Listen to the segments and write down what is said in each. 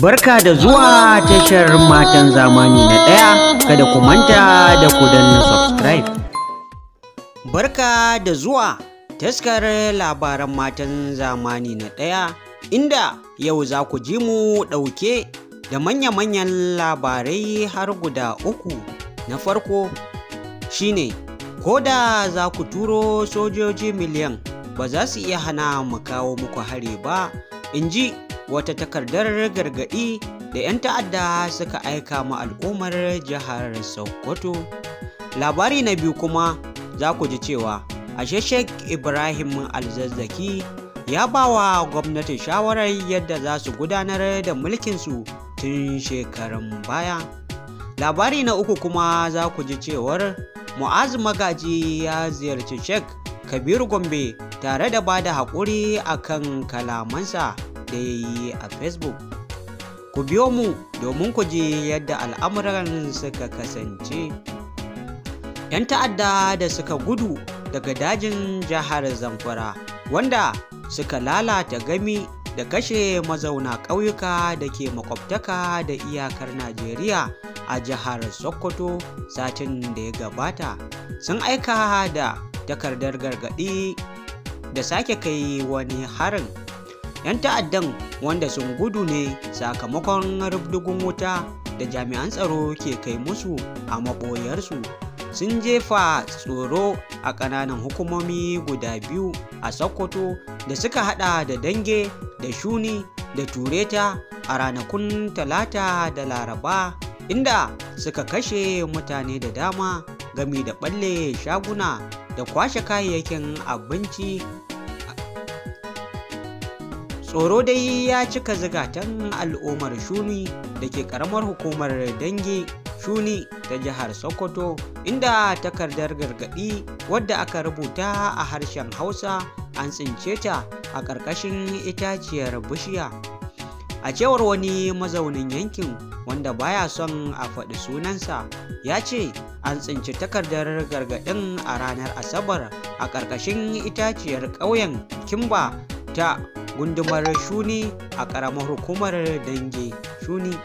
Barka da zuwa tashar matan zamani na ɗaya kada ku manta da ku danna subscribe. Barka da zuwa taskar labaran matan zamani na ɗaya inda yau za ku ji mu ɗauke da manya-manyan labarai har guda uku na farko shine ko da za ku turo sojoji miliyan ba za su iya hana mu kawo muku hari ba in ji wata takardar gargaɗi da 'yan ta'adda suka aika ma al'ummar jihar sokoto labari na biyu kuma za ku ji cewa ashe sheikh ibrahim alzazzaki ya ba wa gwamnatin shawarar yadda za su gudanar da mulkinsu tun shekarun baya labari na uku kuma za ku ji cewar mu'az magaji ya ziyarci sheikh kabiru gombe tare da ba da haƙuri a kan kalamansa da ya yi a facebook ku biyo mu domin ku ji yadda al'amuran suka kasance 'yan ta'adda da suka gudu daga dajin jihar zamfara wanda suka lalata gami da kashe mazauna ƙauyuka da ke makwabtaka da iyakar najeriya a jihar sokoto satin da ya gabata sun aika da takardar gargaɗi da sake kai wani harin 'yan ta'addan wanda sun gudu ne sakamakon rubdugun wuta da jami'an tsaro ke kai musu a maɓoyarsu sun jefa tsoro a ƙananan hukumomi guda biyu a sokoto da suka hada da dange da shuni da tureta a ranakun talata da laraba inda suka kashe mutane da dama gami da balle shaguna da kwashe kayayyakin abinci tsoro dai ya cika zigatan al'ummar shuni da ke karamar hukumar dangi shuni ta jihar sokoto inda takardar gargadi wadda aka rubuta a harshen hausa an tsince ta a ƙarƙashin itaciyar bishiya a cewar wani mazaunin yankin wanda baya son a faɗi sunansa ya ce an tsinci takardar gargaɗin a ranar asabar a ƙarƙashin itaciyar ƙauyen kimba ta gundumar shuni a ƙaramar hukumar dange shuni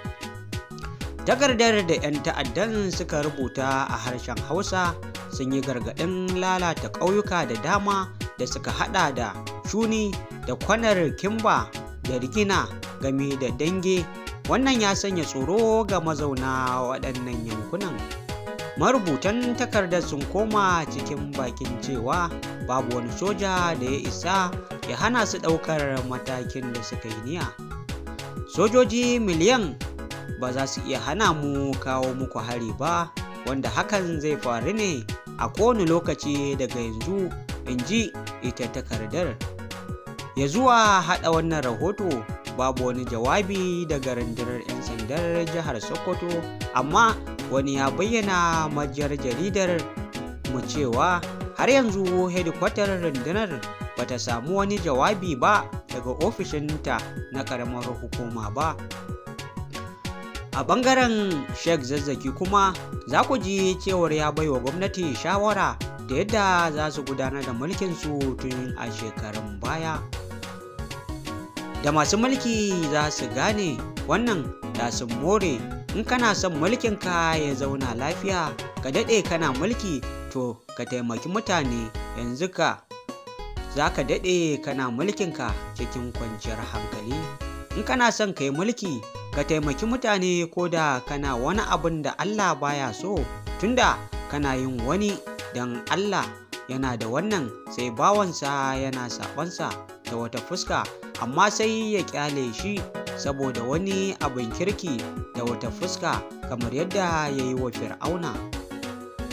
takardar da 'yan ta'addan suka rubuta a harshen hausa sun yi gargaɗin lalata ƙauyuka da dama da suka hada da shuni da kwanar kimba da rigina game da dange wannan ya sanya tsoro ga mazauna waɗannan yankunan marubutan takardar sun koma cikin bakin cewa babu wani soja da ya isa ya hana su ɗaukar matakin da suka yi niya sojoji miliyan ba za su iya hana mu kawo muku hari ba wanda hakan zai faru ne a kowane lokaci daga yanzu in ji ita takardar ya zuwa haɗa wannan rahoto babu wani jawabi daga rundunar 'yan sandar jihar sokoto amma wani ya bayyana majiyar jaridar mu cewa har yanzu hedikwatar rundunar Ba ta samu wani jawabi ba daga ofishinta na karamar hukuma ba a bangaren sheikh zazzaki kuma za ku ji cewar ya bai wa gwamnati shawara da yadda za su gudanar da mulkinsu tun a shekarun baya da masu mulki za su gane wannan da sun more in kana son mulkinka ya zauna lafiya ka daɗe kana mulki to ka taimaki mutane yanzu ka za ka daɗe kana ka cikin kwanciyar hankali in kana son ka yi mulki ka taimaki mutane ko da kana wani abin da allah baya so tunda kana yin wani don allah yana da wannan sai bawansa yana saɓonsa ta wata fuska amma sai ya kyale shi saboda wani abin kirki da wata fuska kamar yadda ya yi wa fir'auna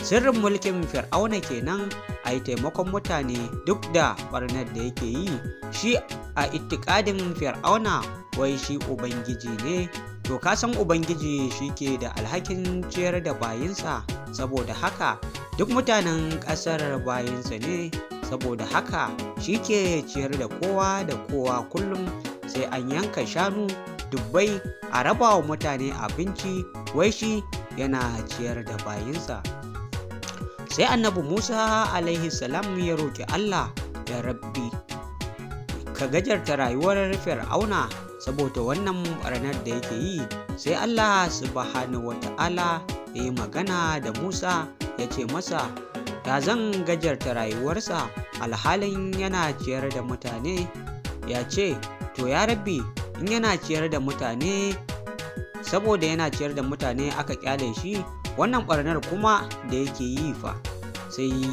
sirrin mulkin fir'auna kenan a yi taimakon mutane duk da barnar da yake yi shi a itikadin fir'auna wai shi ubangiji ne to kasan ubangiji shi ke da alhakin ciyar da bayinsa saboda haka duk mutanen ƙasar bayinsa ne saboda haka shi ke ciyar da kowa da kowa kullum sai an yanka shanu dubbai a raba wa mutane abinci wai shi yana ciyar da bayinsa sai annabi musa alaihi salam ya roƙi allah ya rabbi ka gajarta rayuwar fir'auna saboda wannan ranar da yake yi sai allah subhanahu wata'ala ya yi magana da musa ya ce masa ta zan gajarta rayuwarsa alhalin yana ciyar da mutane ya ce to ya rabbi in yana ciyar da mutane saboda yana ciyar da mutane aka kyale shi wannan barnar kuma da yake yi fa sai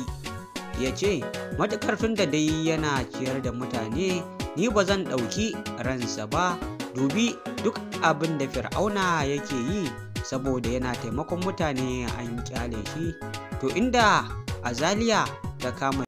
ya ce matukar tun da dai yana ciyar da mutane ni ba zan ɗauki ransa ba dubi duk abin da fir'auna yake yi saboda yana taimakon mutane an kyale shi to inda azaliya ta kama